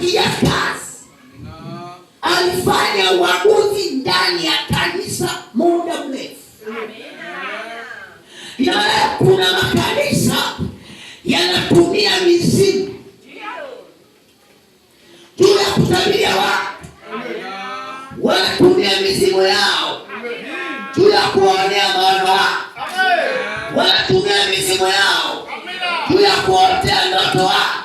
Yes, alifanya uaguzi ndani ya kanisa muda mrefu. Na kuna makanisa yanatumia mizimu juu ya kutabiria watu, wanatumia mizimu yao juu ya kuwaonea maono wanatumia mizimu yao juu ya kuotea ndoto wao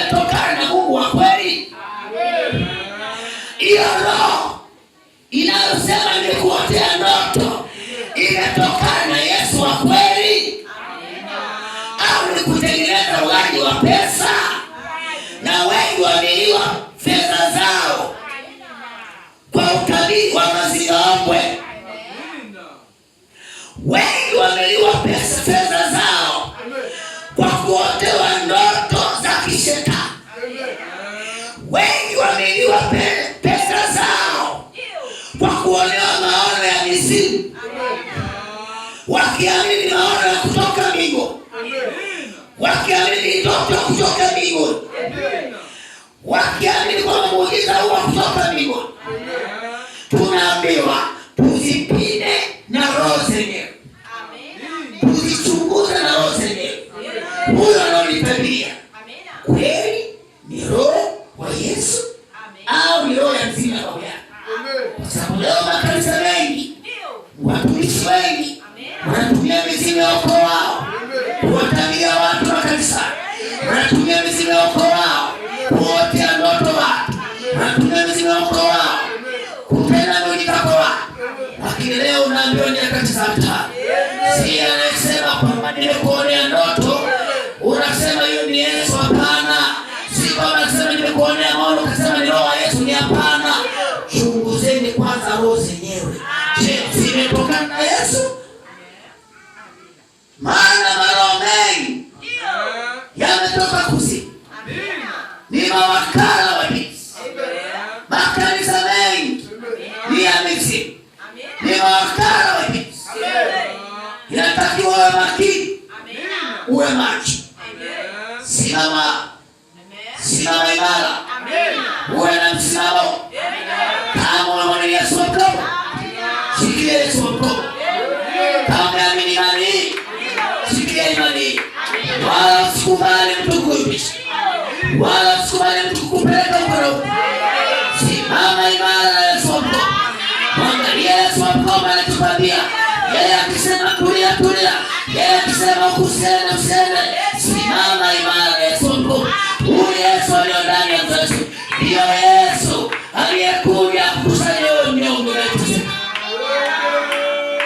imetokana na Mungu wa kweli, hiyo roho inayosema nikuotea ndoto imetokana na Yesu wa kweli, au ni kutengeneza ulaji wa pesa? Na wengi wameiwa fedha zao kwa utabiri wa maziombwe. Wengi wameiliwa pesa zao kwa kuonewa maono ya mizimu, wakiamini maono ya kutoka mbinguni, wakiamini ndoto kutoka mbinguni, wakiamini kwa muujiza huwa kutoka mbinguni Yesu au ni roho ya mzima ya baba Kwa sababu leo makanisa mengi, watumishi wengi wanatumia mizimu ya ukoo wao kuwatamia watu makanisa, wanatumia mizimu ya ukoo wao kuotea ndoto watu, wanatumia mizimu ya ukoo wao kupenda kwa watu, lakini leo unaambiwa ni nyakati za mtaa, si anayesema kwa mabadiliko kuonea maono ukasema ni roho ya Yesu, ni hapana. Chunguzeni kwanza roho zenyewe, je, zimetokana na Yesu? Maana maroho mengi yametoka kuzimu, ni mawakala wa ibilisi. Makanisa mengi ni ya mizimu, ni mawakala wa ibilisi. Inatakiwa uwe makini, uwe macho, simama Simama imara, uwe na msimamo kama unamwamini Yesu wa mkono, shikilia Yesu wa mkono. Kama unaamini imani hii, shikilia imani hii, wala usikubali mtu kuibisha, wala usikubali mtu kupeleka huko. Simama imara, Yesu wa mkono, mwangalia Yesu wa mkono anatuambia yeye akisema tulia, tulia; yeye akisema usiende, usiende. Simama imara. ndiyo Yesu aliyekuwa